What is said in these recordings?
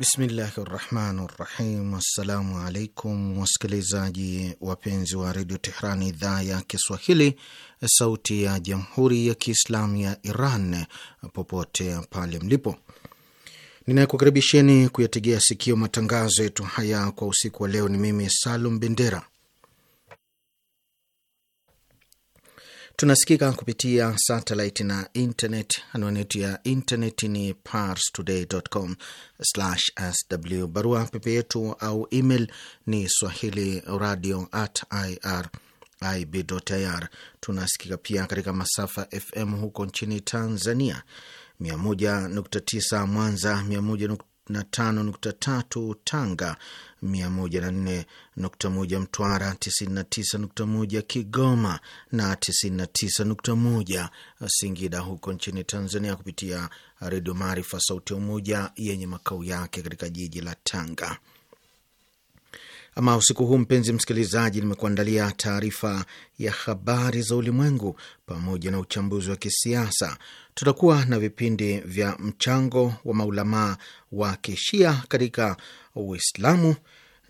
Bismillahi rahmani rahim. Assalamu alaikum wasikilizaji wapenzi wa redio Tehrani, idhaa ya Kiswahili, sauti ya jamhuri ya kiislamu ya Iran, popote pale mlipo. ninayekukaribisheni kuyategea sikio matangazo yetu haya kwa usiku wa leo. Ni mimi Salum Bendera Tunasikika kupitia satellite na internet. Anwani yetu ya internet ni parstoday.com/sw. Barua pepe yetu au email ni swahili radio at irib.ir. Tunasikika pia katika masafa FM huko nchini Tanzania, 101.9 Mwanza, 95.3 Tanga, 104.1 Mtwara, 99.1 Kigoma na 99.1 Singida, huko nchini Tanzania kupitia Redio Maarifa Sauti ya Umoja yenye makao yake katika jiji la Tanga. Ama usiku huu, mpenzi msikilizaji, nimekuandalia taarifa ya habari za ulimwengu pamoja na uchambuzi wa kisiasa. Tutakuwa na vipindi vya mchango wa maulamaa wa kishia katika Uislamu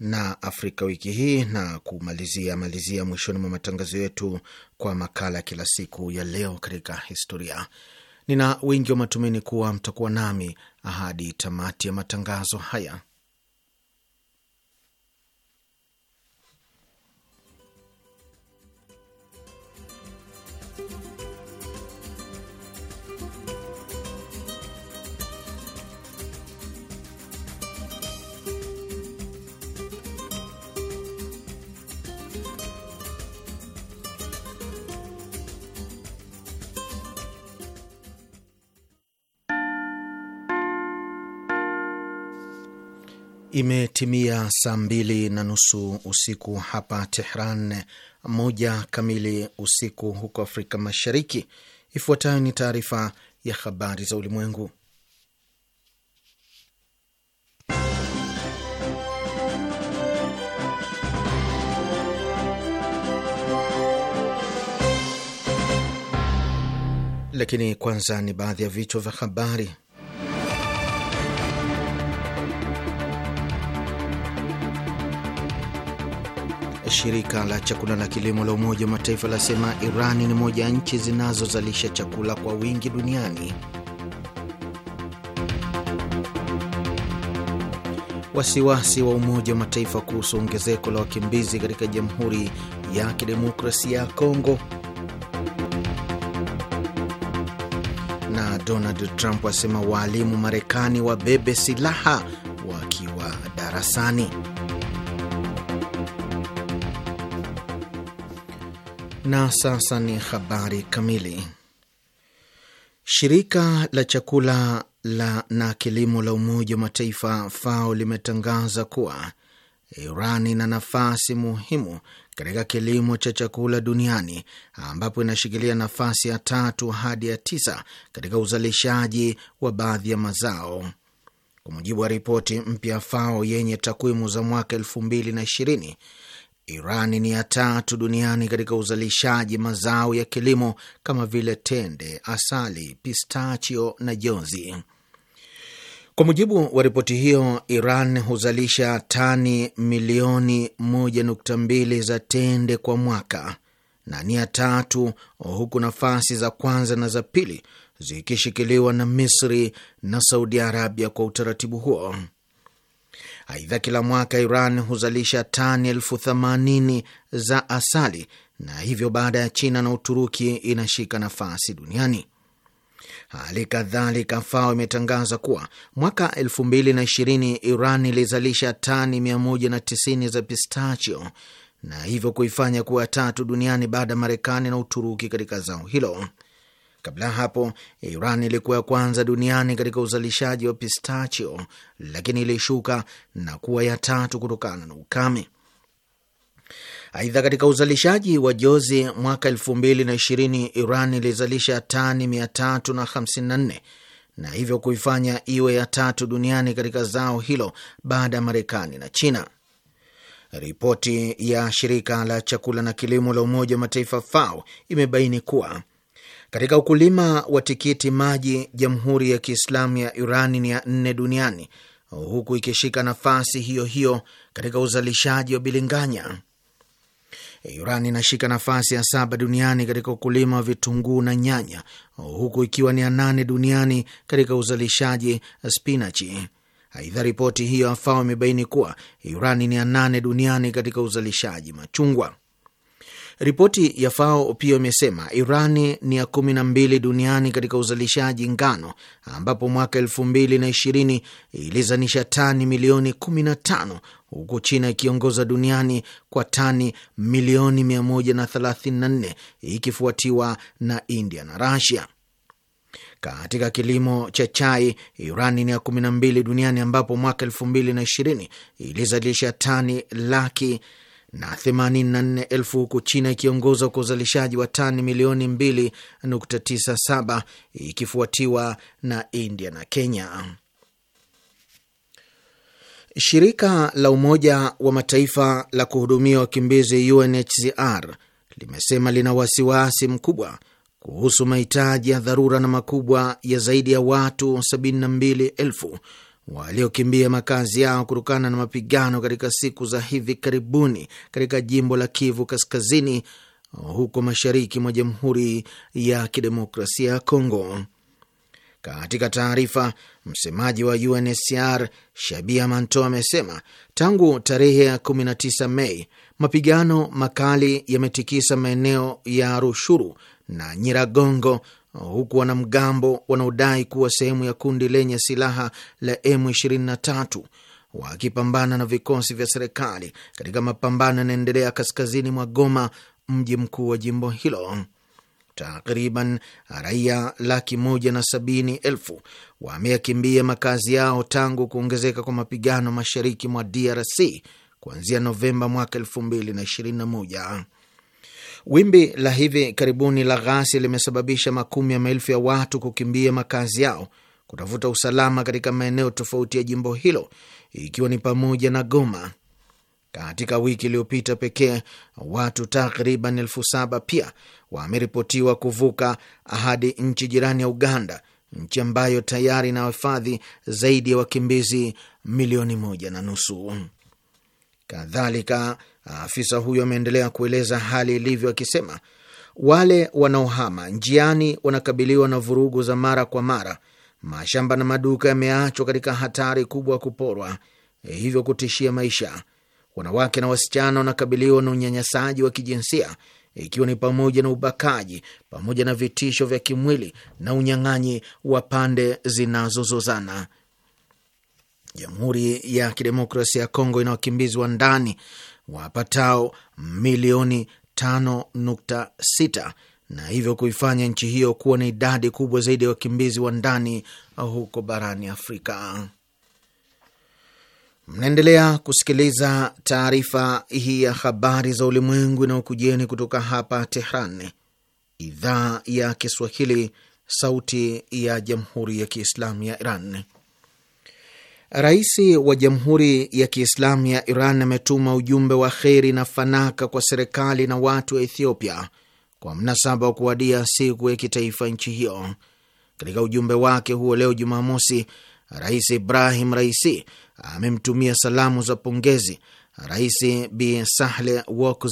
na Afrika wiki hii, na kumalizia malizia mwishoni mwa matangazo yetu kwa makala ya kila siku ya leo katika historia. Nina wingi wa matumaini kuwa mtakuwa nami ahadi tamati ya matangazo haya. Imetimia saa mbili na nusu usiku hapa Tehran, moja kamili usiku huko Afrika Mashariki. Ifuatayo ni taarifa ya habari za ulimwengu, lakini kwanza ni baadhi ya vichwa vya habari. Shirika la chakula la kilimo la Umoja wa Mataifa lasema Irani ni moja ya nchi zinazozalisha chakula kwa wingi duniani. Wasiwasi wa Umoja wa Mataifa kuhusu ongezeko la wakimbizi katika Jamhuri ya Kidemokrasia ya Kongo. Na Donald Trump asema waalimu Marekani wabebe silaha wakiwa darasani. Na sasa ni habari kamili. Shirika la chakula la na kilimo la Umoja wa Mataifa FAO limetangaza kuwa Iran ina nafasi muhimu katika kilimo cha chakula duniani ambapo inashikilia nafasi ya tatu hadi ya tisa katika uzalishaji wa baadhi ya mazao. Kwa mujibu wa ripoti mpya FAO yenye takwimu za mwaka elfu mbili na ishirini, Iran ni ya tatu duniani katika uzalishaji mazao ya kilimo kama vile tende, asali, pistachio na jozi. Kwa mujibu wa ripoti hiyo, Iran huzalisha tani milioni 1.2 za tende kwa mwaka na ni ya tatu, huku nafasi za kwanza na za pili zikishikiliwa na Misri na Saudi Arabia kwa utaratibu huo. Aidha, kila mwaka Iran huzalisha tani elfu themanini za asali na hivyo baada ya China na Uturuki inashika nafasi duniani. Hali kadhalika FAO imetangaza kuwa mwaka 220 Iran ilizalisha tani 190 za pistachio na hivyo kuifanya kuwa tatu duniani baada ya Marekani na Uturuki katika zao hilo. Kabla ya hapo, Iran ilikuwa ya kwanza duniani katika uzalishaji wa pistachio, lakini ilishuka na kuwa ya tatu kutokana na ukame. Aidha, katika uzalishaji wa jozi mwaka elfu mbili na ishirini Iran ilizalisha tani nne na hivyo kuifanya iwe ya tatu duniani katika zao hilo baada ya Marekani na China. Ripoti ya shirika la chakula na kilimo la Umoja wa Mataifa FAO imebaini kuwa katika ukulima wa tikiti maji, Jamhuri ya Kiislamu ya Irani ni ya nne duniani, huku ikishika nafasi hiyo hiyo katika uzalishaji wa bilinganya. Irani inashika nafasi ya saba duniani katika ukulima wa vitunguu na nyanya, huku ikiwa ni ya nane duniani katika uzalishaji spinachi. Aidha, ripoti hiyo afao imebaini kuwa Irani ni ya nane duniani katika uzalishaji machungwa. Ripoti ya FAO pia imesema Irani ni ya kumi na mbili duniani katika uzalishaji ngano, ambapo mwaka elfu mbili na ishirini ilizanisha tani milioni kumi na tano huku China ikiongoza duniani kwa tani milioni mia moja na thelathini na nne ikifuatiwa na India na Rasia. Katika kilimo cha chai Irani ni ya kumi na mbili duniani ambapo mwaka elfu mbili na ishirini ilizalisha tani laki na 84,000 huku China ikiongoza kwa uzalishaji wa tani milioni 2.97 ikifuatiwa na India na Kenya. Shirika la Umoja wa Mataifa la kuhudumia wakimbizi UNHCR limesema lina wasiwasi mkubwa kuhusu mahitaji ya dharura na makubwa ya zaidi ya watu 72,000 waliokimbia makazi yao kutokana na mapigano katika siku za hivi karibuni katika jimbo la Kivu Kaskazini huko mashariki mwa Jamhuri ya Kidemokrasia ya Kongo. Katika taarifa, msemaji wa UNHCR Shabia Manto amesema tangu tarehe ya 19 Mei mapigano makali yametikisa maeneo ya Rushuru na Nyiragongo huku wanamgambo wanaodai kuwa sehemu ya kundi lenye silaha la M23 wakipambana na vikosi vya serikali katika mapambano yanaendelea kaskazini mwa Goma, mji mkuu wa jimbo hilo. Takriban raia laki moja na sabini elfu wameyakimbia makazi yao tangu kuongezeka kwa mapigano mashariki mwa DRC kuanzia Novemba mwaka elfu mbili na ishirini na moja. Wimbi la hivi karibuni la ghasia limesababisha makumi ya maelfu ya watu kukimbia makazi yao kutafuta usalama katika maeneo tofauti ya jimbo hilo ikiwa ni pamoja na Goma. Katika wiki iliyopita pekee watu takriban elfu saba pia wameripotiwa kuvuka hadi nchi jirani ya Uganda, nchi ambayo tayari inahifadhi zaidi ya wakimbizi milioni moja na nusu. Kadhalika, Afisa huyo ameendelea kueleza hali ilivyo, akisema wale wanaohama njiani wanakabiliwa na vurugu za mara kwa mara. Mashamba na maduka yameachwa katika hatari kubwa ya kuporwa, eh, hivyo kutishia maisha. Wanawake na wasichana wanakabiliwa na unyanyasaji wa kijinsia ikiwa ni pamoja na ubakaji pamoja na vitisho vya kimwili na unyang'anyi wa pande zinazozozana. Jamhuri ya Kidemokrasia ya Kongo ina wakimbizi wa ndani wapatao milioni 5.6 na hivyo kuifanya nchi hiyo kuwa na idadi kubwa zaidi ya wakimbizi wa ndani huko barani Afrika. Mnaendelea kusikiliza taarifa hii ya habari za ulimwengu inayokujieni kutoka hapa Tehran, idhaa ya Kiswahili, sauti ya jamhuri ya kiislamu ya Iran. Rais wa Jamhuri ya Kiislamu ya Iran ametuma ujumbe wa kheri na fanaka kwa serikali na watu wa Ethiopia kwa mnasaba wa kuwadia siku ya kitaifa nchi hiyo. Katika ujumbe wake huo leo Jumamosi, Rais Ibrahim Raisi amemtumia salamu za pongezi Rais Bi Sahle Work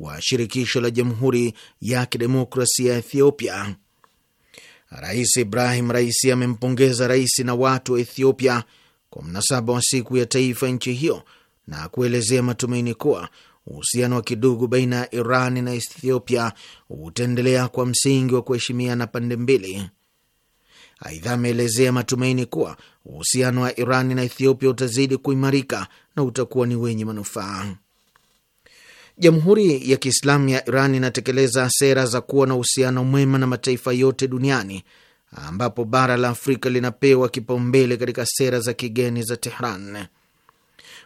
wa shirikisho la Jamhuri ya Kidemokrasia ya Ethiopia Rais Ibrahim Raisi amempongeza rais na watu wa Ethiopia kwa mnasaba wa siku ya taifa nchi hiyo na kuelezea matumaini kuwa uhusiano wa kidugu baina ya Iran na Ethiopia utaendelea kwa msingi wa kuheshimiana pande mbili. Aidha, ameelezea matumaini kuwa uhusiano wa Iran na Ethiopia utazidi kuimarika na utakuwa ni wenye manufaa. Jamhuri ya Kiislamu ya Iran inatekeleza sera za kuwa na uhusiano mwema na mataifa yote duniani ambapo bara la Afrika linapewa kipaumbele katika sera za kigeni za Tehran.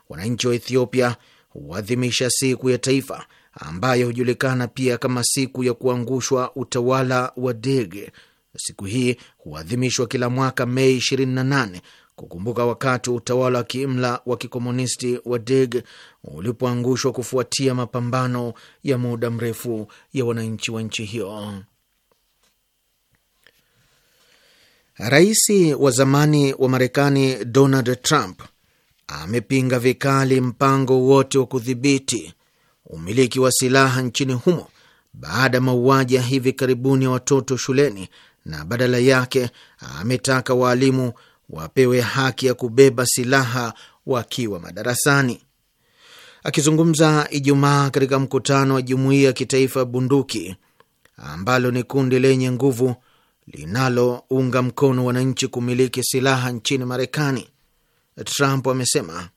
Wananchi wa Ethiopia huadhimisha siku ya taifa ambayo hujulikana pia kama siku ya kuangushwa utawala wa dege Siku hii huadhimishwa kila mwaka Mei 28 kukumbuka wakati wa utawala wa kiimla wa kikomunisti wa DIG ulipoangushwa kufuatia mapambano ya muda mrefu ya wananchi wa nchi hiyo. Rais wa zamani wa Marekani Donald Trump amepinga vikali mpango wote wa kudhibiti umiliki wa silaha nchini humo baada ya mauaji ya hivi karibuni ya watoto shuleni na badala yake ametaka waalimu wapewe haki ya kubeba silaha wakiwa madarasani. Akizungumza Ijumaa katika mkutano wa jumuiya ya kitaifa bunduki ambalo ni kundi lenye nguvu linalounga mkono wananchi kumiliki silaha nchini Marekani, Trump amesema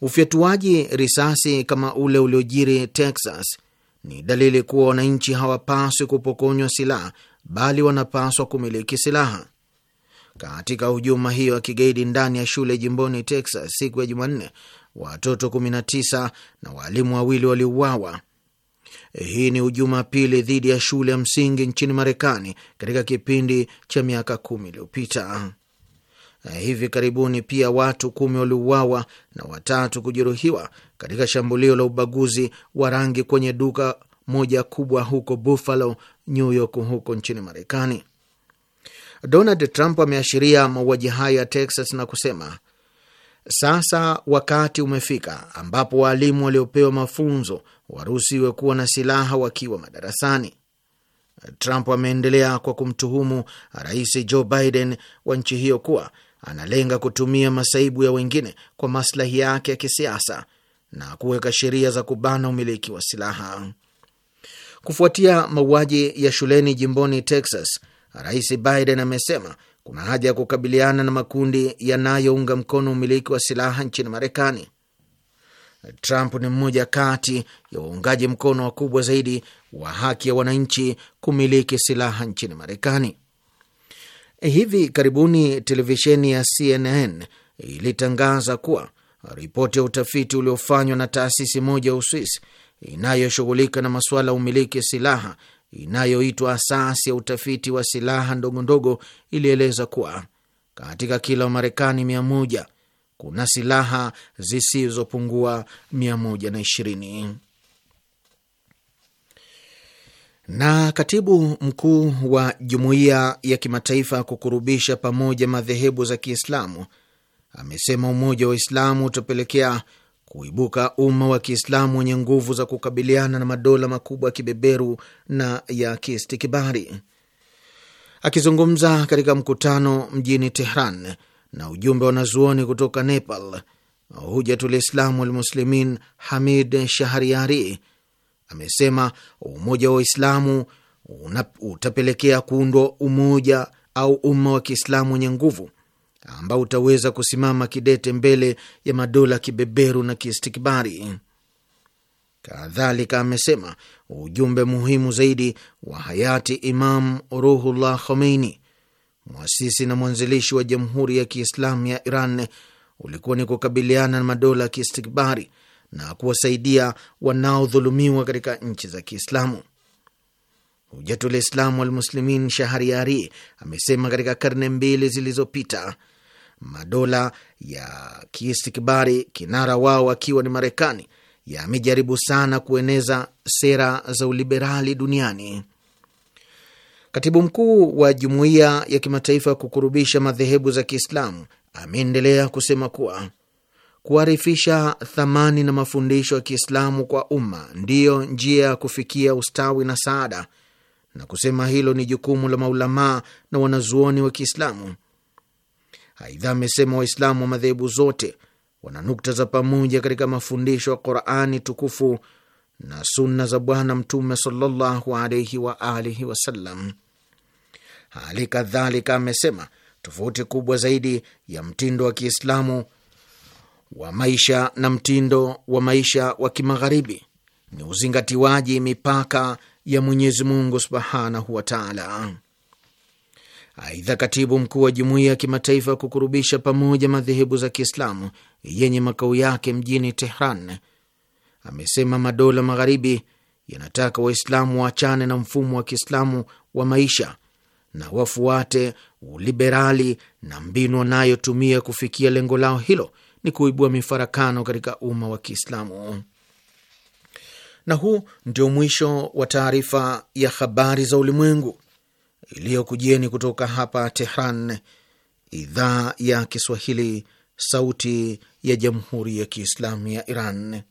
ufyatuaji risasi kama ule uliojiri Texas ni dalili kuwa wananchi hawapaswi kupokonywa silaha, bali wanapaswa kumiliki silaha katika hujuma hiyo ya kigaidi ndani ya shule jimboni Texas siku ya Jumanne, watoto 19 na waalimu wawili waliuawa. Hii ni hujuma pili dhidi ya shule ya msingi nchini Marekani katika kipindi cha miaka kumi iliyopita. Hivi karibuni pia watu kumi waliuawa na watatu kujeruhiwa katika shambulio la ubaguzi wa rangi kwenye duka moja kubwa huko Buffalo, New York, huko nchini Marekani. Donald Trump ameashiria mauaji hayo ya Texas na kusema sasa wakati umefika ambapo waalimu waliopewa mafunzo waruhusiwe kuwa na silaha wakiwa madarasani. Trump ameendelea kwa kumtuhumu Rais Joe Biden wa nchi hiyo kuwa analenga kutumia masaibu ya wengine kwa maslahi yake ya kisiasa na kuweka sheria za kubana umiliki wa silaha. Kufuatia mauaji ya shuleni jimboni Texas, Rais Biden amesema kuna haja ya kukabiliana na makundi yanayounga mkono umiliki wa silaha nchini Marekani. Trump ni mmoja kati ya waungaji mkono wakubwa zaidi wa haki ya wananchi kumiliki silaha nchini Marekani. Hivi karibuni televisheni ya CNN ilitangaza kuwa ripoti ya utafiti uliofanywa na taasisi moja ya Uswisi inayoshughulika na masuala ya umiliki silaha inayoitwa asasi ya utafiti wa silaha ndogo ndogo ilieleza kuwa katika kila Wamarekani mia moja kuna silaha zisizopungua mia moja na ishirini. Na katibu mkuu wa jumuiya ya kimataifa kukurubisha pamoja madhehebu za Kiislamu amesema umoja wa Waislamu utapelekea kuibuka umma wa Kiislamu wenye nguvu za kukabiliana na madola makubwa ya kibeberu na ya kiistikibari. Akizungumza katika mkutano mjini Tehran na ujumbe wa wanazuoni kutoka Nepal, Hujatul Islamu Walmuslimin Hamid Shahriari amesema umoja wa Waislamu utapelekea kuundwa umoja au umma wa Kiislamu wenye nguvu ambao utaweza kusimama kidete mbele ya madola kibeberu na kiistikbari. Kadhalika amesema ujumbe muhimu zaidi wa hayati Imam Ruhullah Khomeini, mwasisi na mwanzilishi wa Jamhuri ya Kiislamu ya Iran, ulikuwa ni kukabiliana na madola ya kiistikbari na kuwasaidia wanaodhulumiwa katika nchi za Kiislamu. Hujatul Islamu Walmuslimin Shahariari amesema katika karne mbili zilizopita madola ya kiistikbari, kinara wao akiwa ni Marekani, yamejaribu sana kueneza sera za uliberali duniani. Katibu mkuu wa jumuiya ya kimataifa ya kukurubisha madhehebu za Kiislamu ameendelea kusema kuwa kuarifisha thamani na mafundisho ya Kiislamu kwa umma ndiyo njia ya kufikia ustawi na saada, na kusema hilo ni jukumu la maulamaa na wanazuoni wa Kiislamu. Aidha amesema Waislamu wa madhehebu zote wana nukta za pamoja katika mafundisho ya Qurani tukufu na sunna za Bwana Mtume sallallahu alaihi wa alihi wasallam. Hali kadhalika amesema tofauti kubwa zaidi ya mtindo wa Kiislamu wa maisha na mtindo wa maisha wa kimagharibi ni uzingatiwaji mipaka ya Mwenyezi Mungu subhanahu wa taala. Aidha, katibu mkuu wa jumuiya ya kimataifa ya kukurubisha pamoja madhehebu za Kiislamu yenye makao yake mjini Tehran amesema madola magharibi yanataka Waislamu waachane na mfumo wa Kiislamu wa maisha na wafuate uliberali na mbinu wanayotumia kufikia lengo lao hilo ni kuibua mifarakano katika umma wa Kiislamu. Na huu ndio mwisho wa taarifa ya habari za ulimwengu iliyokujieni kutoka hapa Tehran, idhaa ya Kiswahili, sauti ya jamhuri ya kiislamu ya Iran.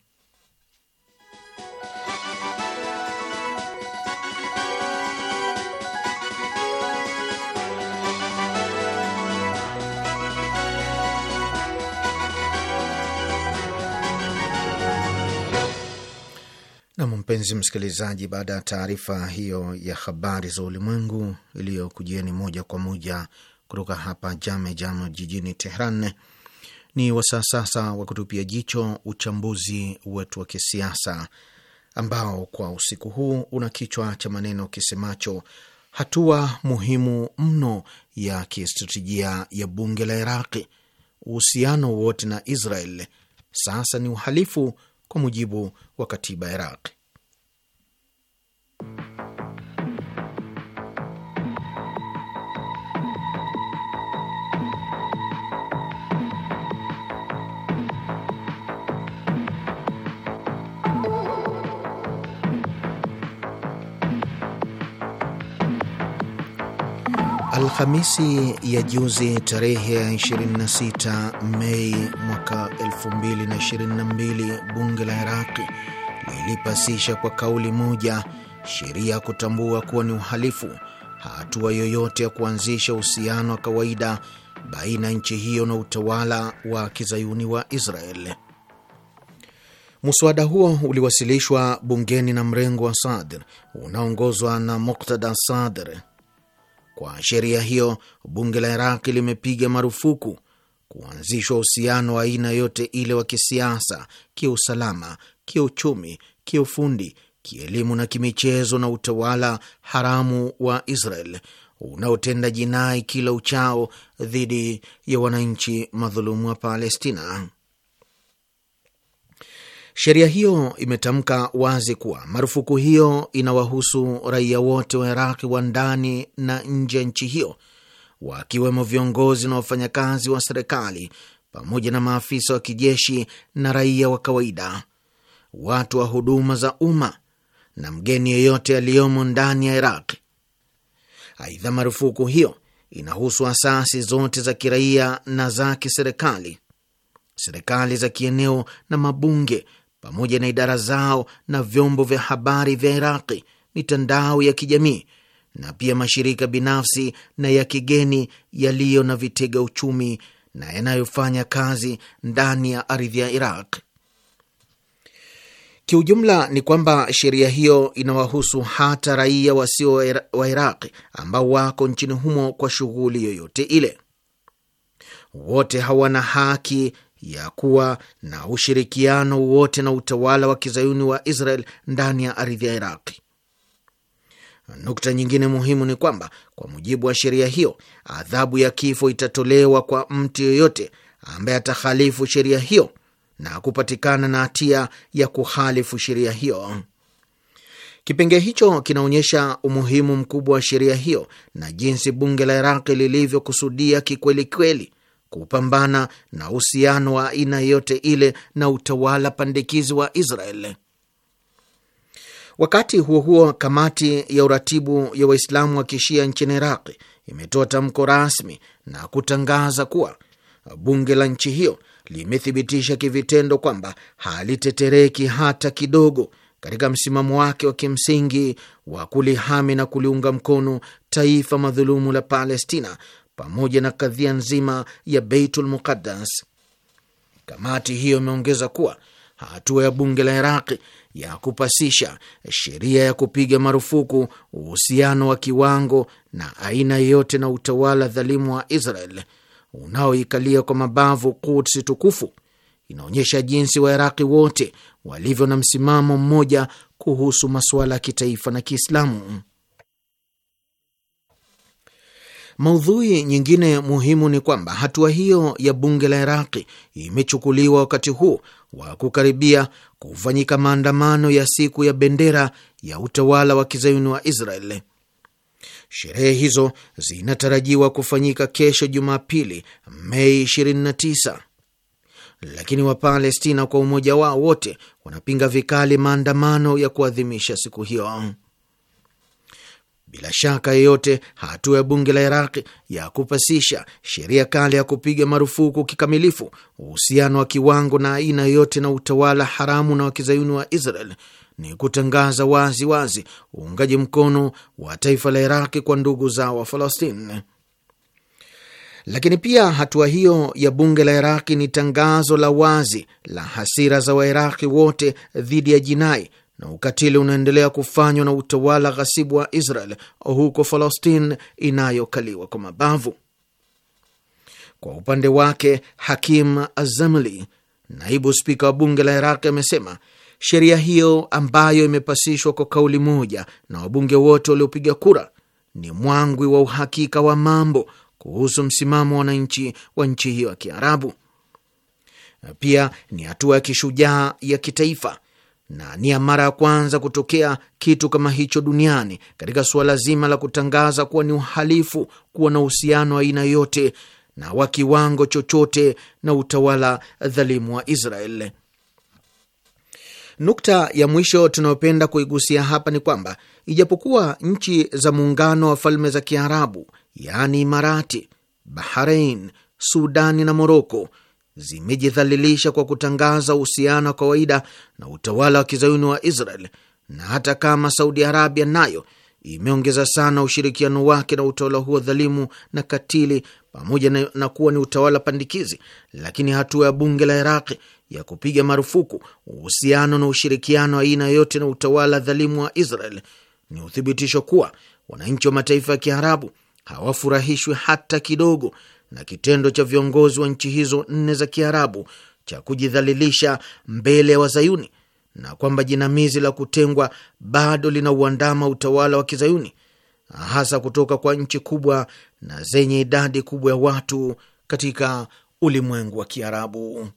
Nam, mpenzi msikilizaji, baada ya taarifa hiyo ya habari za ulimwengu iliyokujieni moja kwa moja kutoka hapa Jame Jam jijini Tehran, ni wasaa sasa wa kutupia jicho uchambuzi wetu wa kisiasa ambao kwa usiku huu una kichwa cha maneno kisemacho hatua muhimu mno ya kistratejia ya bunge la Iraqi, uhusiano wote na Israel sasa ni uhalifu kwa mujibu wa katiba ya Iraq. Alhamisi ya juzi tarehe ya 26 Mei mwaka 2022 bunge la Iraqi lilipasisha kwa kauli moja sheria ya kutambua kuwa ni uhalifu hatua yoyote ya kuanzisha uhusiano wa kawaida baina ya nchi hiyo na utawala wa kizayuni wa Israel. Muswada huo uliwasilishwa bungeni na mrengo wa Sadr unaoongozwa na Muktada Sadr. Kwa sheria hiyo, bunge la Iraqi limepiga marufuku kuanzishwa uhusiano wa aina yote ile wa kisiasa, kiusalama, kiuchumi, kiufundi, kielimu na kimichezo na utawala haramu wa Israel unaotenda jinai kila uchao dhidi ya wananchi madhulumu wa Palestina. Sheria hiyo imetamka wazi kuwa marufuku hiyo inawahusu raia wote wa Iraqi wa ndani na nje ya nchi hiyo, wakiwemo viongozi na wafanyakazi wa serikali pamoja na maafisa wa kijeshi na raia wa kawaida, watu wa huduma za umma na mgeni yeyote aliyomo ndani ya Iraq. Aidha, marufuku hiyo inahusu asasi zote za kiraia na za kiserikali, serikali za kieneo na mabunge pamoja na idara zao na vyombo vya habari vya Iraqi, mitandao ya kijamii na pia mashirika binafsi na ya kigeni yaliyo na vitega uchumi na yanayofanya kazi ndani ya ardhi ya Iraq. Kiujumla ni kwamba sheria hiyo inawahusu hata raia wasio wa Iraq ambao wako nchini humo kwa shughuli yoyote ile. Wote hawana haki ya kuwa na ushirikiano wote na utawala wa kizayuni wa Israel ndani ya ardhi ya Iraqi. Nukta nyingine muhimu ni kwamba kwa mujibu wa sheria hiyo, adhabu ya kifo itatolewa kwa mtu yeyote ambaye atahalifu sheria hiyo na kupatikana na hatia ya kuhalifu sheria hiyo. Kipengee hicho kinaonyesha umuhimu mkubwa wa sheria hiyo na jinsi bunge la Iraqi lilivyokusudia kikweli kweli kupambana na uhusiano wa aina yeyote ile na utawala pandikizi wa Israel. Wakati huo huo, kamati ya uratibu ya Waislamu wa kishia nchini Iraqi imetoa tamko rasmi na kutangaza kuwa bunge la nchi hiyo limethibitisha kivitendo kwamba halitetereki hata kidogo katika msimamo wake wa kimsingi wa kulihami na kuliunga mkono taifa madhulumu la Palestina pamoja na kadhia nzima ya Beitul Muqaddas. Kamati hiyo imeongeza kuwa hatua ya bunge la Iraqi ya kupasisha sheria ya kupiga marufuku uhusiano wa kiwango na aina yeyote na utawala dhalimu wa Israel unaoikalia kwa mabavu kutsi tukufu inaonyesha jinsi Wairaqi wote walivyo na msimamo mmoja kuhusu masuala ya kitaifa na Kiislamu. Maudhui nyingine muhimu ni kwamba hatua hiyo ya bunge la Iraqi imechukuliwa wakati huu wa kukaribia kufanyika maandamano ya siku ya bendera ya utawala wa kizayuni wa Israeli. Sherehe hizo zinatarajiwa kufanyika kesho Jumapili, Mei 29, lakini Wapalestina kwa umoja wao wote wanapinga vikali maandamano ya kuadhimisha siku hiyo bila shaka yeyote, hatua ya bunge la Iraqi ya kupasisha sheria kali ya kupiga marufuku kikamilifu uhusiano wa kiwango na aina yoyote na utawala haramu na wakizayuni wa Israel ni kutangaza wazi wazi uungaji mkono wa taifa la Iraqi kwa ndugu za wa Lakini pia hatua hiyo ya bunge la Iraqi ni tangazo la wazi la hasira za Wairaqi wote dhidi ya jinai na ukatili unaendelea kufanywa na utawala ghasibu wa Israel huko Palestina inayokaliwa kwa mabavu. Kwa upande wake, Hakim Azamli, naibu spika wa bunge la Iraq, amesema sheria hiyo ambayo imepasishwa kwa kauli moja na wabunge wote waliopiga kura ni mwangwi wa uhakika wa mambo kuhusu msimamo wa wananchi wa nchi hiyo ya Kiarabu. Pia ni hatua ya kishujaa ya kitaifa na ni ya mara ya kwanza kutokea kitu kama hicho duniani katika suala zima la kutangaza kuwa ni uhalifu kuwa na uhusiano wa aina yoyote na wa kiwango chochote na utawala dhalimu wa Israel. Nukta ya mwisho tunayopenda kuigusia hapa ni kwamba ijapokuwa nchi za Muungano wa Falme za Kiarabu, yaani Imarati, Bahrain, Sudani na Moroko zimejidhalilisha kwa kutangaza uhusiano wa kawaida na utawala wa kizayuni wa Israel, na hata kama Saudi Arabia nayo imeongeza sana ushirikiano wake na utawala huo dhalimu na katili, pamoja na, na kuwa ni utawala pandikizi, lakini hatua ya bunge la Iraqi ya kupiga marufuku uhusiano na ushirikiano aina yoyote na utawala dhalimu wa Israel ni uthibitisho kuwa wananchi wa mataifa ya Kiarabu hawafurahishwi hata kidogo na kitendo cha viongozi wa nchi hizo nne za Kiarabu cha kujidhalilisha mbele ya Wazayuni na kwamba jinamizi la kutengwa bado lina uandama utawala wa Kizayuni, hasa kutoka kwa nchi kubwa na zenye idadi kubwa ya watu katika ulimwengu wa Kiarabu.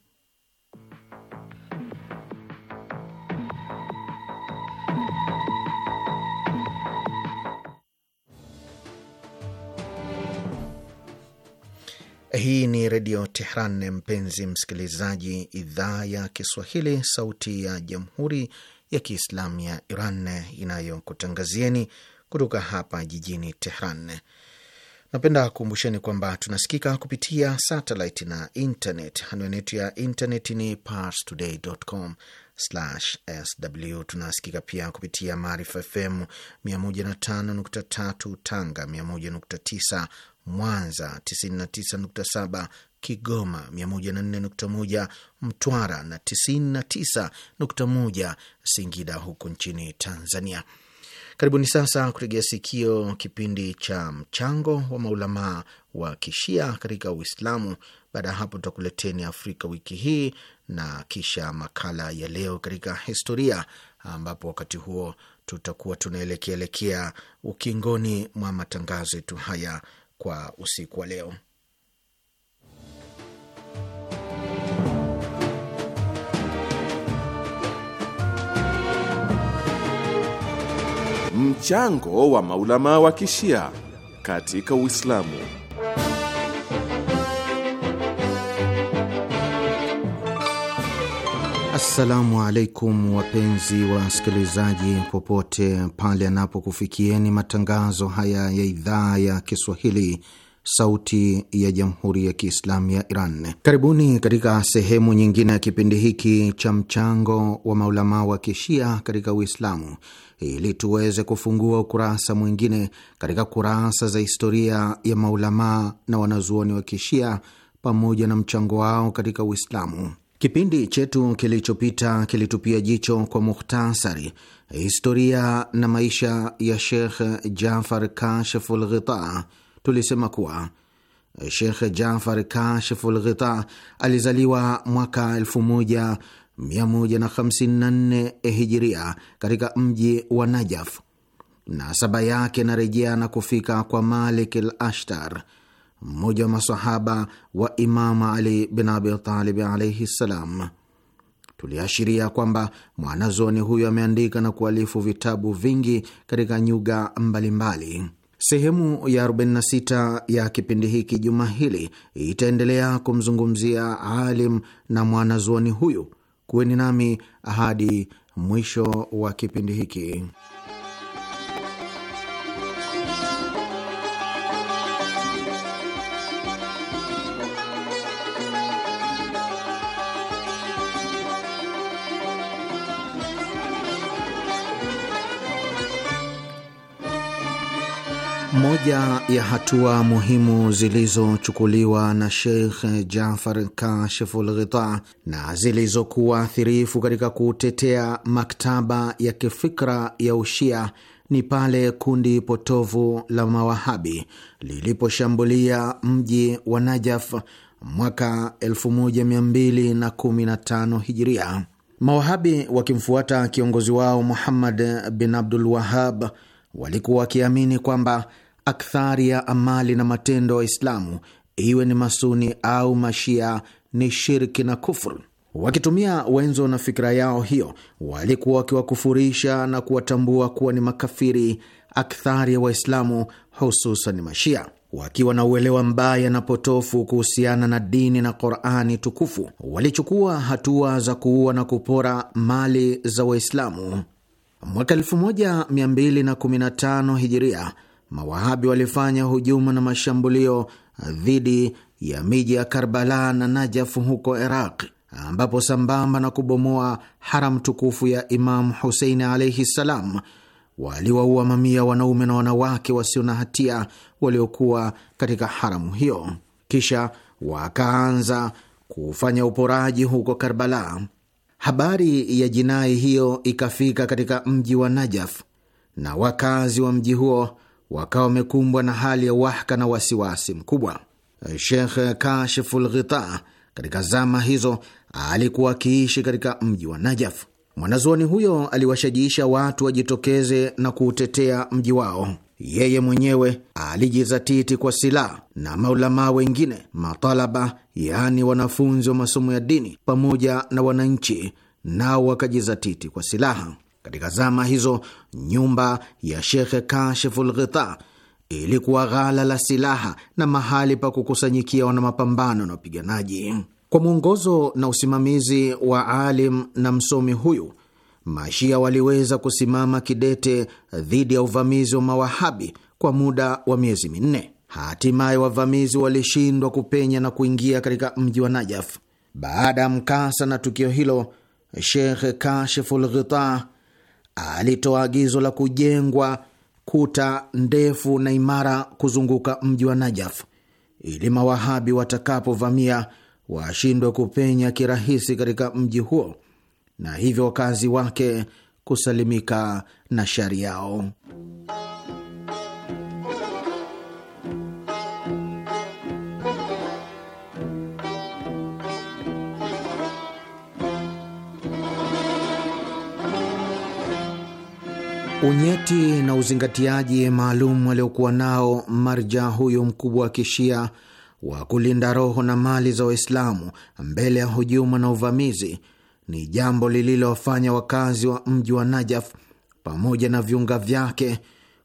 Hii ni Redio Tehran, mpenzi msikilizaji, idhaa ya Kiswahili, sauti ya Jamhuri ya Kiislamu ya Iran inayokutangazieni kutoka hapa jijini Tehran. Napenda kukumbusheni kwamba tunasikika kupitia satellite na internet. Anwani yetu ya internet ni parstoday.com/sw. Tunasikika pia kupitia Maarifa FM 105.3 Tanga, 101.9 Mwanza 99.7, Kigoma 104.1, Mtwara na 99.1 Singida huku nchini Tanzania. Karibuni sasa kutegea sikio kipindi cha mchango wa maulamaa wa kishia katika Uislamu. Baada ya hapo, tutakuleteni Afrika wiki hii na kisha makala ya leo katika historia, ambapo wakati huo tutakuwa tunaelekeaelekea ukingoni mwa matangazo yetu haya kwa usiku wa leo. Mchango wa maulama wa kishia katika Uislamu. Assalamu alaikum wapenzi wa wasikilizaji, popote pale anapokufikieni matangazo haya ya idhaa ya Kiswahili sauti ya jamhuri ya Kiislamu ya Iran. Karibuni katika sehemu nyingine ya kipindi hiki cha mchango wa maulamaa wa kishia katika Uislamu, ili tuweze kufungua ukurasa mwingine katika kurasa za historia ya maulamaa na wanazuoni wa kishia pamoja na mchango wao katika Uislamu. Kipindi chetu kilichopita kilitupia jicho kwa mukhtasari historia na maisha ya Shekh Jafar kashful Ghita. Tulisema kuwa Shekh Jafar kashful Ghita alizaliwa mwaka 1154 Hijiria katika mji wa Najaf. Nasaba yake inarejea na kufika kwa Malik al Ashtar mmoja wa masahaba wa Imama Ali bin Abitalib alaihi ssalam. Tuliashiria kwamba mwanazuoni huyo ameandika na kualifu vitabu vingi katika nyuga mbalimbali. Sehemu ya 46 ya kipindi hiki juma hili itaendelea kumzungumzia alim na mwanazuoni huyu. Kuweni nami hadi mwisho wa kipindi hiki. Moja ya hatua muhimu zilizochukuliwa na Sheikh Jafar Kashiful Ghita na zilizokuwa athirifu katika kutetea maktaba ya kifikra ya Ushia ni pale kundi potovu la Mawahabi liliposhambulia mji wa Najaf mwaka 1215 Hijiria. Mawahabi wakimfuata kiongozi wao Muhammad bin Abdul Wahab walikuwa wakiamini kwamba akthari ya amali na matendo ya Waislamu, iwe ni masuni au mashia, ni shirki na kufr Wakitumia wenzo na fikira yao hiyo, walikuwa wakiwakufurisha na kuwatambua kuwa ni makafiri akthari ya Waislamu, hususan mashia wakiwa na uelewa mbaya na potofu kuhusiana na dini na Qurani tukufu, walichukua hatua za kuua na kupora mali za Waislamu. Mwaka 1215 hijiria Mawahabi walifanya hujuma na mashambulio dhidi ya miji ya Karbala na Najaf huko Iraq, ambapo sambamba na kubomoa haram tukufu ya Imamu husein alaihi ssalam, waliwaua mamia wanaume na wanawake wasio na hatia waliokuwa katika haramu hiyo. Kisha wakaanza kufanya uporaji huko Karbala. Habari ya jinai hiyo ikafika katika mji wa Najaf na wakazi wa mji huo wakawa wamekumbwa na hali ya wahka na wasiwasi mkubwa. Shekh Kashiful Ghita katika zama hizo alikuwa akiishi katika mji wa Najaf. Mwanazuoni huyo aliwashajiisha watu wajitokeze na kuutetea mji wao. Yeye mwenyewe alijizatiti kwa silaha na maulamaa wengine, matalaba, yaani wanafunzi wa masomo ya dini, pamoja na wananchi, nao wakajizatiti kwa silaha. Katika zama hizo nyumba ya Shekhe Kashiful Ghita ilikuwa ghala la silaha na mahali pa kukusanyikia mapambano na wapiganaji. Kwa mwongozo na usimamizi wa alim na msomi huyu, Mashia waliweza kusimama kidete dhidi ya uvamizi wa Mawahabi kwa muda wa miezi minne. Hatimaye wavamizi walishindwa kupenya na kuingia katika mji wa Najaf. Baada ya mkasa na tukio hilo, Shekh Kashiful Ghita alitoa agizo la kujengwa kuta ndefu na imara kuzunguka mji wa Najaf ili mawahabi watakapovamia washindwe kupenya kirahisi katika mji huo na hivyo wakazi wake kusalimika na shari yao. Unyeti na uzingatiaji maalum waliokuwa nao marja huyu mkubwa wa kishia wa kulinda roho na mali za Waislamu mbele ya hujuma na uvamizi ni jambo lililowafanya wakazi wa mji wa Najaf pamoja na viunga vyake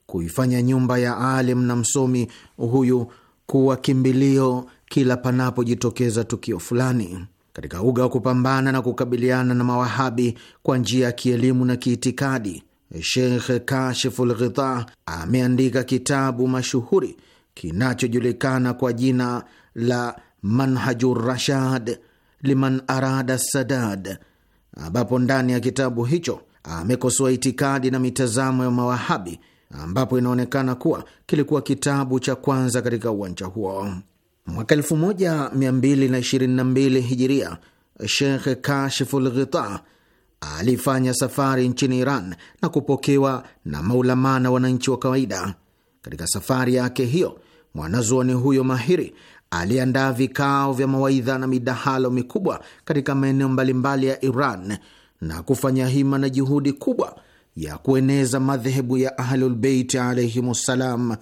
kuifanya nyumba ya alim na msomi huyu kuwa kimbilio kila panapojitokeza tukio fulani. Katika uga wa kupambana na kukabiliana na mawahabi kwa njia ya kielimu na kiitikadi Sheikh Kashiful Ghita ameandika kitabu mashuhuri kinachojulikana kwa jina la Manhaju Rashad liman arada sadad, ambapo ndani ya kitabu hicho amekosoa itikadi na mitazamo ya Mawahabi, ambapo inaonekana kuwa kilikuwa kitabu cha kwanza katika uwanja huo. Mwaka 1222 Hijiria, Sheikh Kashiful Ghita alifanya safari nchini Iran na kupokewa na maulamaa na wananchi wa kawaida. Katika safari yake hiyo, mwanazuoni huyo mahiri aliandaa vikao vya mawaidha na midahalo mikubwa katika maeneo mbalimbali ya Iran na kufanya hima na juhudi kubwa ya kueneza madhehebu ya Ahlulbeiti ssalam,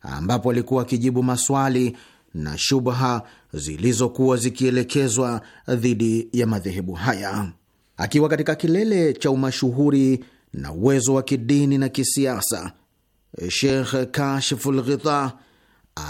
ambapo alikuwa akijibu maswali na shubha zilizokuwa zikielekezwa dhidi ya madhehebu haya akiwa katika kilele cha umashuhuri na uwezo wa kidini na kisiasa, Sheikh Kashful Ghita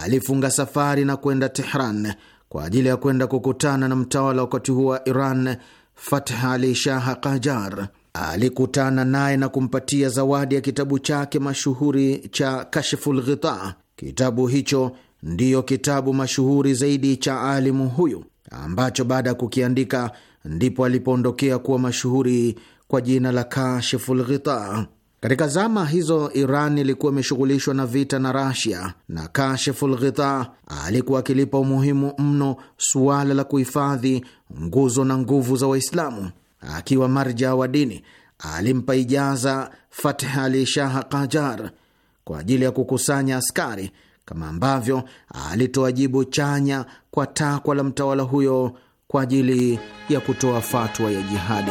alifunga safari na kwenda Tehran kwa ajili ya kwenda kukutana na mtawala wakati huo wa Iran, Fath Ali Shah kajar Alikutana naye na kumpatia zawadi ya kitabu chake mashuhuri cha Kashful Ghita. Kitabu hicho ndiyo kitabu mashuhuri zaidi cha alimu huyu ambacho baada ya kukiandika ndipo alipoondokea kuwa mashuhuri kwa jina la kashfulghita Ghita. Katika zama hizo Iran ilikuwa imeshughulishwa na vita na Rasia, na kashfulghita Ghita alikuwa akilipa umuhimu mno suala la kuhifadhi nguzo na nguvu za Waislamu. Akiwa marja wa dini, alimpa ijaza Fath Ali Shah Kajar kwa ajili ya kukusanya askari, kama ambavyo alitoa jibu chanya kwa takwa la mtawala huyo kwa ajili ya kutoa fatwa ya jihadi.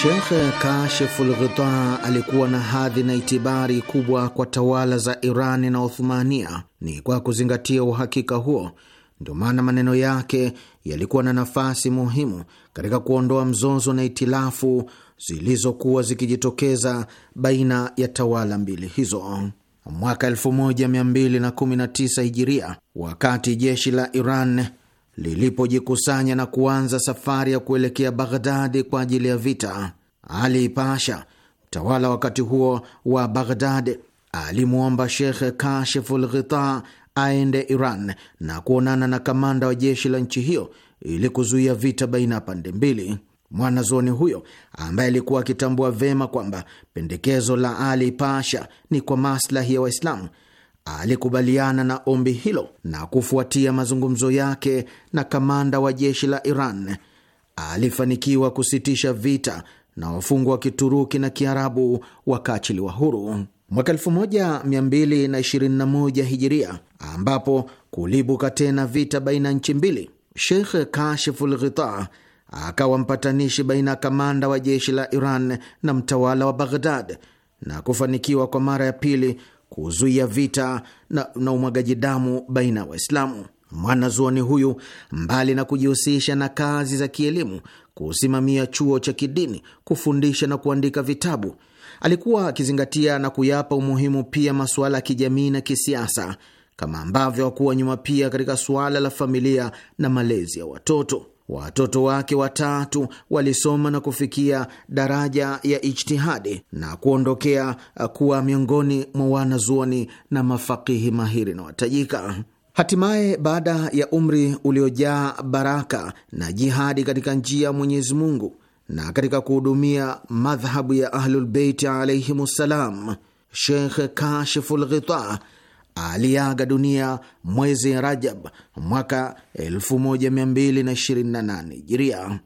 Shekh Kasheful Ghita alikuwa na hadhi na itibari kubwa kwa tawala za Irani na Othumania. Ni kwa kuzingatia uhakika huo ndio maana maneno yake yalikuwa na nafasi muhimu katika kuondoa mzozo na itilafu zilizokuwa zikijitokeza baina ya tawala mbili hizo. Mwaka 1219 Hijiria, wakati jeshi la Iran lilipojikusanya na kuanza safari ya kuelekea Baghdadi kwa ajili ya vita, Ali Pasha, mtawala wakati huo wa Baghdad, alimwomba Shekh Kashiful Ghita aende Iran na kuonana na kamanda wa jeshi la nchi hiyo ili kuzuia vita baina ya pande mbili. Mwanazuoni huyo ambaye alikuwa akitambua vema kwamba pendekezo la Ali Pasha ni kwa maslahi ya Waislamu alikubaliana na ombi hilo, na kufuatia mazungumzo yake na kamanda wa jeshi la Iran alifanikiwa kusitisha vita na wafungwa wa Kituruki na Kiarabu wakachiliwa huru mwaka 1221 hijiria, ambapo kulibuka tena vita baina ya nchi mbili. Sheikh Kashiful Ghita akawa mpatanishi baina ya kamanda wa jeshi la Iran na mtawala wa Baghdad na kufanikiwa kwa mara ya pili kuzuia vita na, na umwagaji damu baina ya Waislamu. Mwanazuoni huyu mbali na kujihusisha na kazi za kielimu, kusimamia chuo cha kidini, kufundisha na kuandika vitabu Alikuwa akizingatia na kuyapa umuhimu pia masuala ya kijamii na kisiasa, kama ambavyo hakuwa nyuma pia katika suala la familia na malezi ya watoto. Watoto wake watatu walisoma na kufikia daraja ya ijtihadi na kuondokea kuwa miongoni mwa wanazuoni na mafakihi mahiri na watajika. Hatimaye, baada ya umri uliojaa baraka na jihadi katika njia ya Mwenyezi Mungu, na katika kuhudumia madhhabu ya Ahlulbeiti alaihimussalam. Sheikh Kashiful Ghita aliaga dunia mwezi Rajab mwaka 1228 Hijiria.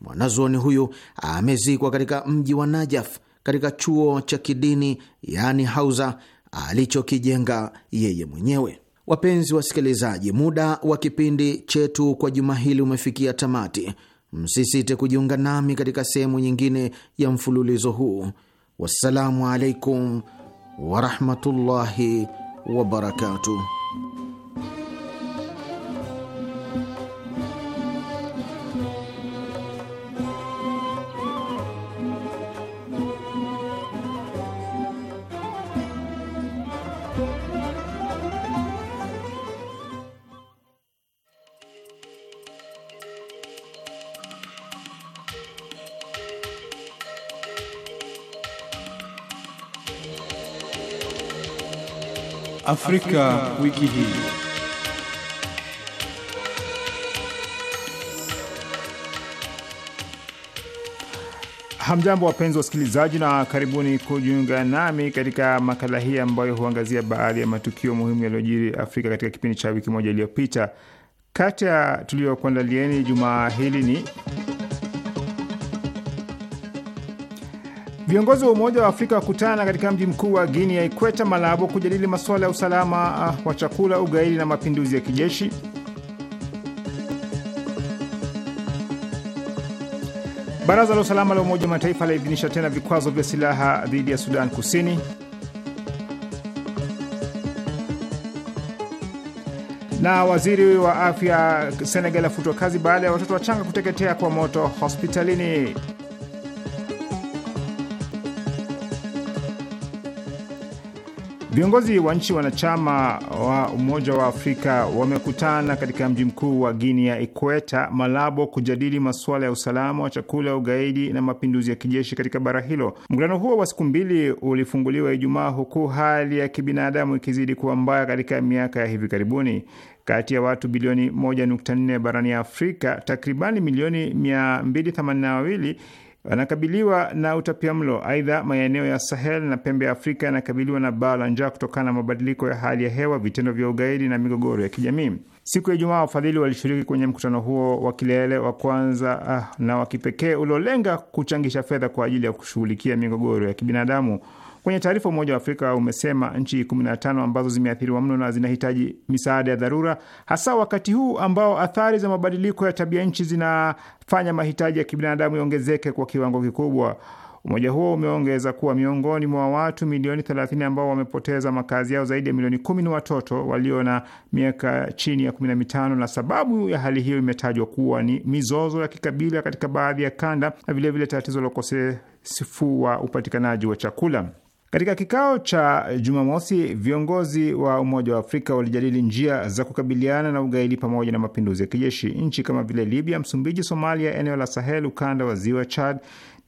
Mwanazuoni huyu amezikwa katika mji wa Najaf katika chuo cha kidini yaani hauza alichokijenga yeye mwenyewe. Wapenzi wasikilizaji, muda wa kipindi chetu kwa juma hili umefikia tamati. Msisite kujiunga nami katika sehemu nyingine ya mfululizo huu. Wassalamu alaikum warahmatullahi wabarakatuh. Afrika, wiki hii. Hamjambo wapenzi wasikilizaji, na karibuni kujiunga nami katika makala hii ambayo huangazia baadhi ya matukio muhimu yaliyojiri Afrika katika kipindi cha wiki moja iliyopita. Kati ya tuliyokuandalieni jumaa hili ni Viongozi wa Umoja wa Afrika wakutana katika mji mkuu wa Guinea ya Ikweta, Malabo, kujadili masuala ya usalama ah, wa chakula, ugaidi na mapinduzi ya kijeshi. Baraza la Usalama la Umoja wa Mataifa laidhinisha tena vikwazo vya silaha dhidi ya Sudan Kusini. Na waziri wa afya Senegal afutwa kazi baada ya watoto wachanga kuteketea kwa moto hospitalini. Viongozi wa nchi wanachama wa Umoja wa Afrika wamekutana katika mji mkuu wa Guinea ya Ikweta, Malabo, kujadili masuala ya usalama wa chakula, ugaidi na mapinduzi ya kijeshi katika bara hilo. Mkutano huo wa siku mbili ulifunguliwa Ijumaa, huku hali ya kibinadamu ikizidi kuwa mbaya katika miaka ya hivi karibuni. Kati ya watu bilioni 1.4 barani Afrika, takribani milioni 282 anakabiliwa na utapiamlo. Aidha, maeneo ya Sahel na pembe ya Afrika yanakabiliwa na baa la njaa kutokana na mabadiliko ya hali ya hewa, vitendo vya ugaidi na migogoro ya kijamii. Siku ya Ijumaa, wafadhili walishiriki kwenye mkutano huo wa kilele wa kwanza ah, na wa kipekee uliolenga kuchangisha fedha kwa ajili ya kushughulikia migogoro ya kibinadamu. Kwenye taarifa, Umoja wa Afrika umesema nchi 15 ambazo zimeathiriwa mno na zinahitaji misaada ya dharura, hasa wakati huu ambao athari za mabadiliko ya tabia nchi zinafanya mahitaji ya kibinadamu yaongezeke kwa kiwango kikubwa. Umoja huo umeongeza kuwa miongoni mwa watu milioni 30 ambao wamepoteza makazi yao, zaidi ya milioni kumi ni watoto walio na miaka chini ya 15, na sababu ya hali hiyo imetajwa kuwa ni mizozo ya kikabila katika baadhi ya kanda na vilevile tatizo la ukosefu wa upatikanaji wa chakula. Katika kikao cha Jumamosi, viongozi wa Umoja wa Afrika walijadili njia za kukabiliana na ugaidi pamoja na mapinduzi ya kijeshi. Nchi kama vile Libya, Msumbiji, Somalia, eneo la Sahel, ukanda wa ziwa Chad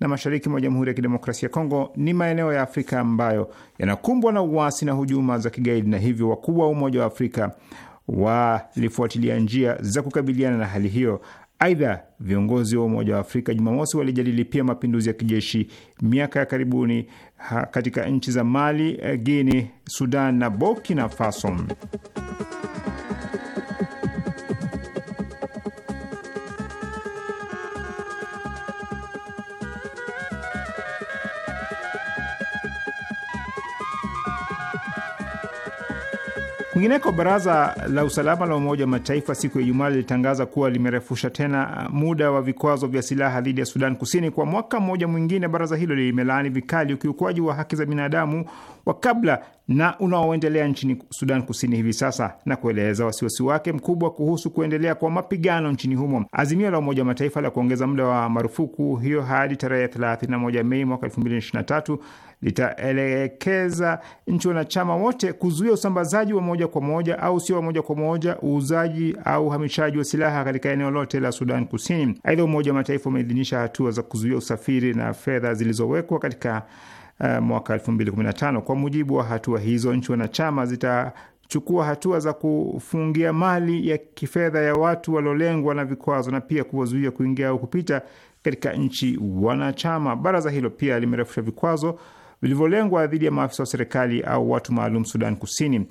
na mashariki mwa Jamhuri ya Kidemokrasia ya Kongo ni maeneo ya Afrika ambayo yanakumbwa na uasi na hujuma za kigaidi, na hivyo wakubwa wa Umoja wa Afrika walifuatilia njia za kukabiliana na hali hiyo. Aidha, viongozi wa Umoja wa Afrika Jumamosi walijadili pia mapinduzi ya kijeshi miaka ya karibuni ha, katika nchi za Mali, eh, Guini, Sudan na Burkina Faso. Kwingineko, baraza la usalama la Umoja wa Mataifa siku ya Ijumaa lilitangaza kuwa limerefusha tena muda wa vikwazo vya silaha dhidi ya Sudan Kusini kwa mwaka mmoja mwingine. Baraza hilo limelaani vikali ukiukwaji wa haki za binadamu wa kabla na unaoendelea nchini Sudan Kusini hivi sasa na kueleza wasiwasi wake mkubwa kuhusu kuendelea kwa mapigano nchini humo. Azimio la Umoja wa Mataifa la kuongeza muda wa marufuku hiyo hadi tarehe 31 Mei mwaka 2023 litaelekeza nchi wanachama wote kuzuia usambazaji wa moja kwa moja au sio wa moja kwa moja, uuzaji au uhamishaji wa silaha katika eneo lote la Sudan Kusini. Aidha, Umoja wa Mataifa umeidhinisha hatua za kuzuia usafiri na fedha zilizowekwa katika uh, mwaka 2015. Kwa mujibu wa hatua hizo, nchi wanachama zitachukua hatua za kufungia mali ya kifedha ya watu waliolengwa na vikwazo na pia kuwazuia kuingia au kupita katika nchi wanachama. Baraza hilo pia limerefusha vikwazo vilivyolengwa dhidi ya maafisa wa serikali au watu maalum Sudan Kusini.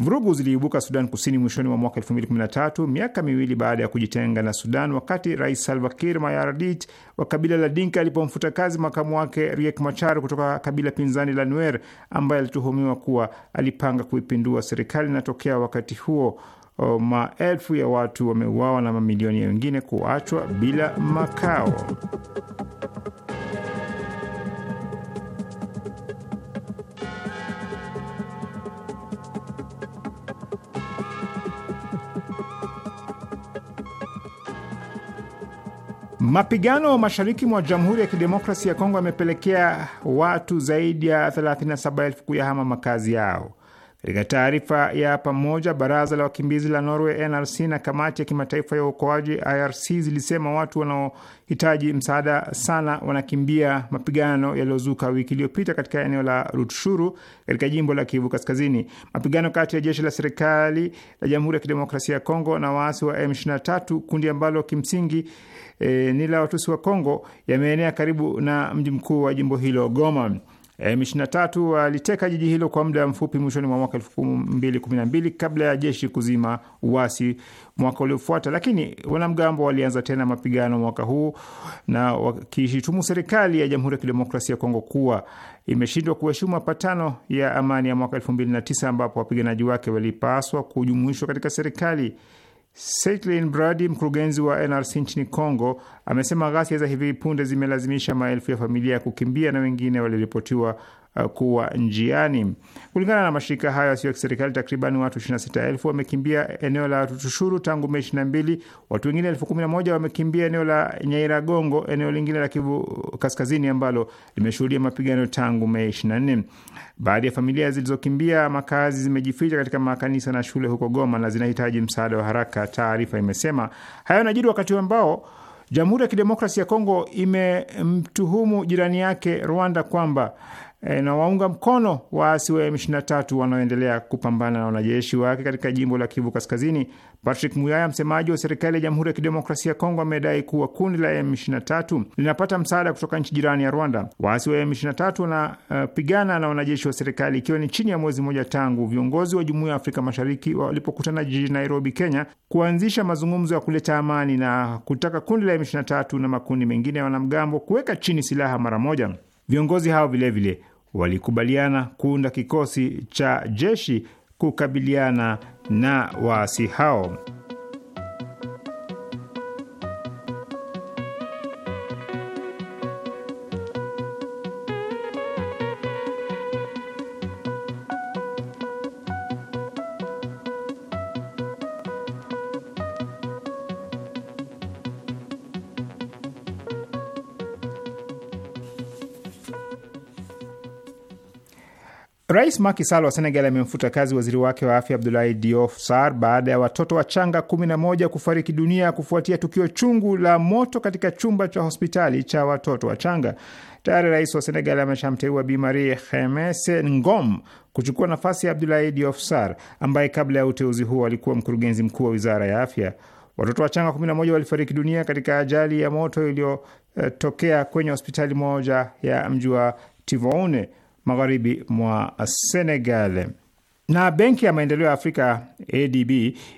Vurugu ziliibuka Sudan Kusini mwishoni mwa mwaka 2013 miaka miwili baada ya kujitenga na Sudan, wakati Rais Salva Kiir Mayardit wa kabila la Dinka alipomfuta kazi makamu wake Riek Machar kutoka kabila pinzani la Nuer, ambaye alituhumiwa kuwa alipanga kuipindua serikali. Na tokea wakati huo maelfu ya watu wameuawa na mamilioni ya wengine kuachwa bila makao. Mapigano mashariki mwa Jamhuri ya Kidemokrasi ya Kongo yamepelekea watu zaidi ya 37,000 kuyahama makazi yao. Katika taarifa ya pamoja, baraza la wakimbizi la Norway NRC na kamati ya kimataifa ya uokoaji IRC zilisema watu wanaohitaji msaada sana wanakimbia mapigano yaliyozuka wiki iliyopita katika eneo la Rutshuru katika jimbo la Kivu Kaskazini. Mapigano kati ya jeshi la serikali la Jamhuri ya Kidemokrasia ya Kongo na waasi wa M23, kundi ambalo kimsingi e, ni la Watusi wa Kongo yameenea karibu na mji mkuu wa jimbo hilo Goma. E, M23 waliteka jiji hilo kwa muda mfupi mwishoni mwa mwaka 2012 kabla ya jeshi kuzima uasi mwaka uliofuata, lakini wanamgambo walianza tena mapigano mwaka huu na wakishitumu serikali ya Jamhuri ya Kidemokrasia ya Kongo kuwa imeshindwa kuheshimu mapatano ya amani ya mwaka 2009 ambapo wapiganaji wake walipaswa kujumuishwa katika serikali Seklin bradi mkurugenzi wa NRC nchini Kongo, amesema ghasia za hivi punde zimelazimisha maelfu ya familia ya kukimbia na wengine waliripotiwa Uh, kuwa njiani. Kulingana na mashirika hayo yasiyo ya kiserikali, takriban watu 26,000 wamekimbia eneo la Tushuru tangu Mei 22. Watu wengine 11,000 wamekimbia eneo la Nyairagongo, eneo lingine la Kivu Kaskazini ambalo limeshuhudia mapigano tangu Mei 24. Baadhi ya familia zilizokimbia makazi zimejificha katika makanisa na shule huko Goma na zinahitaji msaada wa haraka, taarifa imesema. Hayo yanajiri wakati ambao Jamhuri ya Kidemokrasi ya Kongo imemtuhumu jirani yake Rwanda kwamba e, na waunga mkono waasi wa M23 wanaoendelea kupambana na wanajeshi wake katika jimbo la Kivu Kaskazini. Patrick Muyaya, msemaji wa serikali ya Jamhuri ya Kidemokrasia ya Kongo, amedai kuwa kundi la M23 linapata msaada kutoka nchi jirani ya Rwanda. Waasi wa M23 wanapigana na wanajeshi wa serikali, ikiwa ni chini ya mwezi mmoja tangu viongozi wa Jumuiya ya Afrika Mashariki walipokutana jijini Nairobi, Kenya, kuanzisha mazungumzo ya kuleta amani na kutaka kundi la M23 na makundi mengine ya wanamgambo kuweka chini silaha mara moja. Viongozi hao vilevile walikubaliana kuunda kikosi cha jeshi kukabiliana na waasi hao. Rais Macky Sall wa Senegal amemfuta kazi waziri wake wa afya Abdoulaye Diouf Sarr baada ya watoto wachanga changa 11 kufariki dunia kufuatia tukio chungu la moto katika chumba cha hospitali cha watoto wachanga. Tayari rais wa Senegal ameshamteua Bi Marie Khemesse Ngom kuchukua nafasi ya Abdoulaye Diouf Sarr ambaye kabla ya uteuzi huo alikuwa mkurugenzi mkuu wa wizara ya afya. Watoto wachanga 11 walifariki dunia katika ajali ya moto iliyotokea kwenye hospitali moja ya mji wa Tivoune magharibi mwa Senegal. Na Benki ya Maendeleo ya Afrika ADB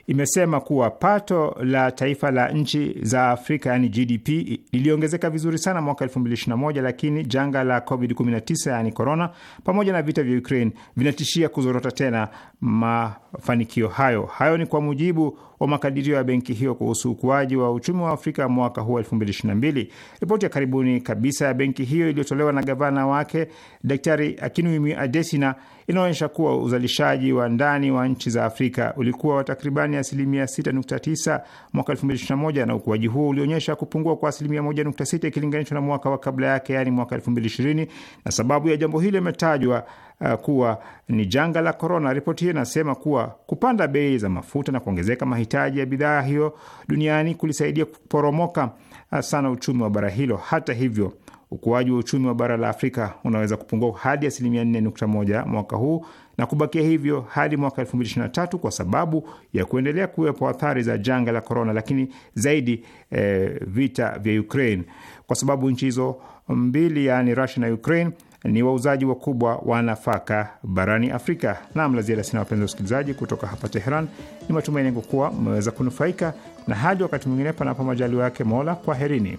imesema kuwa pato la taifa la nchi za Afrika yani GDP liliongezeka vizuri sana mwaka 2021, lakini janga la COVID-19 yani corona pamoja na vita vya Ukraine vinatishia kuzorota tena mafanikio hayo. Hayo ni kwa mujibu wa makadirio ya benki hiyo kuhusu ukuaji wa uchumi wa Afrika mwaka huu 2022. Ripoti ya karibuni kabisa ya benki hiyo iliyotolewa na gavana wake Daktari Akinwumi Adesina inaonyesha kuwa uzalishaji wa ndani wa nchi za Afrika ulikuwa wa takribani asilimia 6.9 mwaka 2021, na ukuaji huo ulionyesha kupungua kwa asilimia 1.6 ikilinganishwa na mwaka wa kabla yake, yaani mwaka 2020, na sababu ya jambo hilo imetajwa uh, kuwa ni janga la korona. Ripoti hiyo inasema kuwa kupanda bei za mafuta na kuongezeka mahitaji ya bidhaa hiyo duniani kulisaidia kuporomoka uh, sana uchumi wa bara hilo. Hata hivyo, ukuaji wa uchumi wa bara la Afrika unaweza kupungua hadi asilimia 4.1 mwaka huu na kubakia hivyo hadi mwaka 2023 kwa sababu ya kuendelea kuwepo athari za janga la korona, lakini zaidi eh, vita vya Ukraine, kwa sababu nchi hizo mbili, yaani Russia na Ukraine ni wauzaji wakubwa wa nafaka barani Afrika. Nam la ziada sina, wapenzi wasikilizaji, kutoka hapa Teheran. Ni matumaini yangu kuwa mmeweza kunufaika na. Hadi wakati mwingine, panapo majaliwa yake Mola, kwaherini.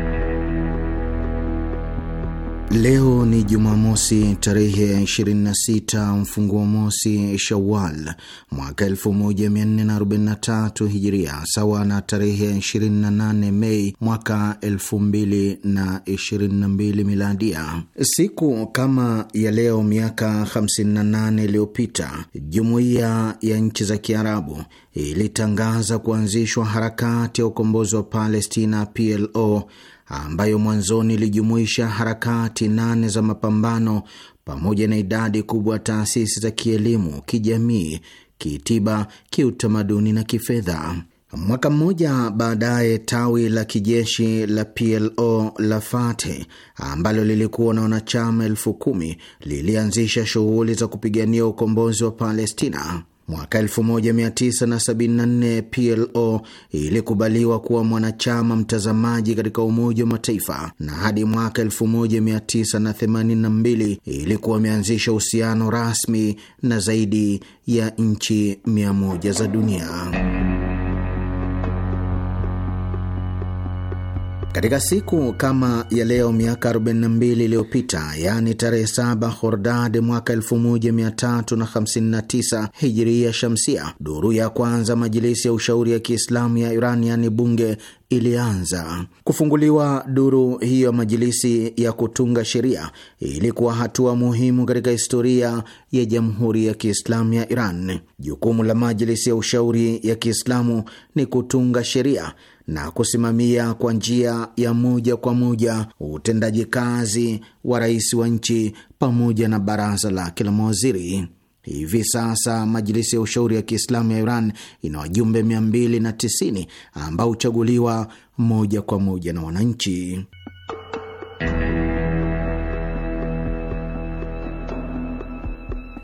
Leo ni Jumamosi tarehe 26 mfunguo mosi Shawal mwaka 1443 Hijiria, sawa na tarehe 28 Mei mwaka 2022 Miladia. Siku kama ya leo miaka 58 iliyopita, jumuiya ya nchi za Kiarabu ilitangaza kuanzishwa harakati ya ukombozi wa Palestina, PLO ambayo mwanzoni ilijumuisha harakati nane za mapambano pamoja na idadi kubwa ya taasisi za kielimu, kijamii, kitiba, kiutamaduni na kifedha. Mwaka mmoja baadaye tawi la kijeshi la PLO la fate ambalo lilikuwa na wanachama elfu kumi lilianzisha shughuli za kupigania ukombozi wa Palestina. Mwaka 1974 PLO ilikubaliwa kuwa mwanachama mtazamaji katika Umoja wa Mataifa na hadi mwaka 1982 ilikuwa imeanzisha uhusiano rasmi na zaidi ya nchi 100 za dunia. Katika siku kama ya leo miaka 42 iliyopita, yaani tarehe 7 Hordad mwaka 1359 Hijria Shamsia, duru ya kwanza Majilisi ya Ushauri ya Kiislamu ya Iran, yaani bunge ilianza kufunguliwa. Duru hiyo ya majilisi ya kutunga sheria ilikuwa hatua muhimu katika historia ya Jamhuri ya Kiislamu ya Iran. Jukumu la Majilisi ya Ushauri ya Kiislamu ni kutunga sheria na kusimamia kwa njia ya moja kwa moja utendaji kazi wa rais wa nchi pamoja na baraza lake la mawaziri. Hivi sasa Majilisi ya Ushauri ya Kiislamu ya Iran ina wajumbe 290 ambao huchaguliwa moja kwa moja na wananchi.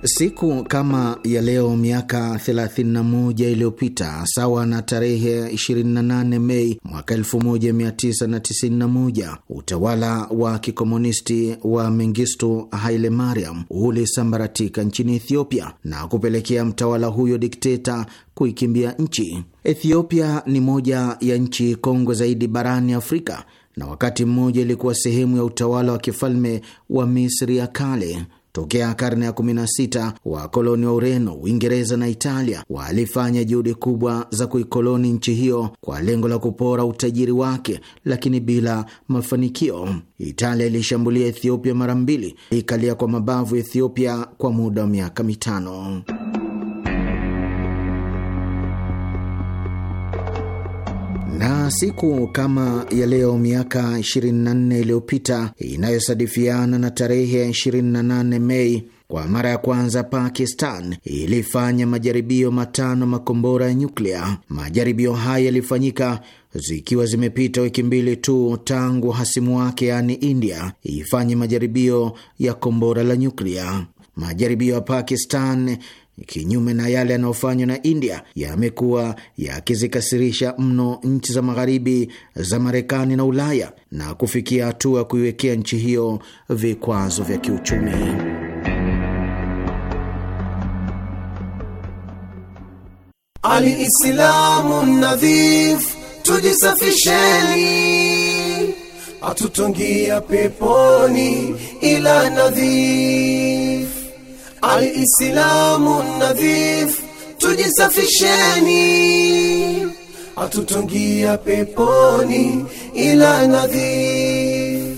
Siku kama ya leo miaka 31 iliyopita sawa na tarehe 28 Mei mwaka 1991, utawala wa kikomunisti wa Mengistu Haile Mariam ulisambaratika nchini Ethiopia na kupelekea mtawala huyo dikteta kuikimbia nchi. Ethiopia ni moja ya nchi kongwe zaidi barani Afrika na wakati mmoja ilikuwa sehemu ya utawala wa kifalme wa Misri ya kale. Tokea karne ya 16 wakoloni wa Ureno, Uingereza na Italia walifanya juhudi kubwa za kuikoloni nchi hiyo kwa lengo la kupora utajiri wake, lakini bila mafanikio. Italia ilishambulia Ethiopia mara mbili, ikalia kwa mabavu Ethiopia kwa muda wa miaka mitano. Na siku kama ya leo miaka 24 iliyopita inayosadifiana na tarehe 28 Mei, kwa mara ya kwanza Pakistan ilifanya majaribio matano makombora ya nyuklia. Majaribio haya yalifanyika zikiwa zimepita wiki mbili tu tangu hasimu wake yaani India ifanye majaribio ya kombora la nyuklia. Majaribio ya Pakistan kinyume na yale yanayofanywa na India, yamekuwa yakizikasirisha mno nchi za magharibi za Marekani na Ulaya na kufikia hatua ya kuiwekea nchi hiyo vikwazo vya kiuchumi. nadhif, tujisafisheni, atutongia peponi ila nadhif alislamu nadhif, tujisafisheni, atutungia peponi ila nadhif.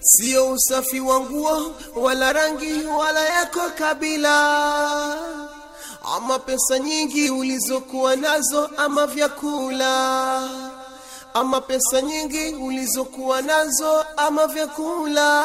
Sio usafi wa nguo wala rangi wala yako kabila ama pesa nyingi ulizokuwa nazo ama vyakula ama pesa nyingi ulizokuwa nazo ama vyakula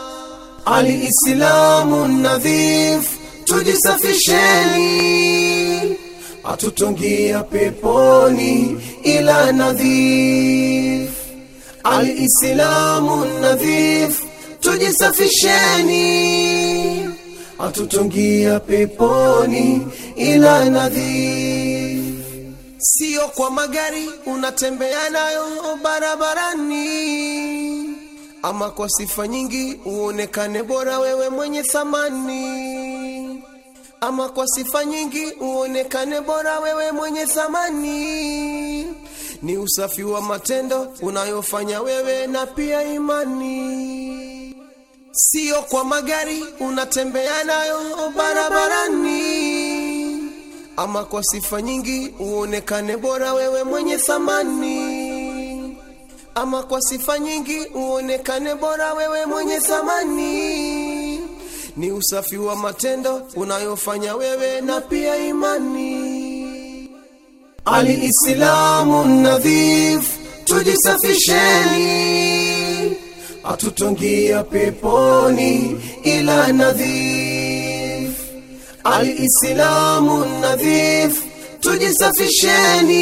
Aliislamu nadhif, tujisafisheni, atutungia peponi ila nadhif. Aliislamu nadhif, tujisafisheni, atutungia peponi ila nadhif. Sio kwa magari unatembea nayo barabarani ama kwa sifa nyingi uonekane bora wewe mwenye thamani, ama kwa sifa nyingi uonekane bora wewe mwenye thamani. Ni usafi wa matendo unayofanya wewe na pia imani, siyo kwa magari unatembea nayo barabarani ama kwa sifa nyingi uonekane bora wewe mwenye thamani ama kwa sifa nyingi uonekane bora wewe mwenye thamani, ni usafi wa matendo unayofanya wewe na pia imani. Aliislamu nadhif, tujisafisheni, atutongia peponi ila nadhif. Aliislamu nadhif, tujisafisheni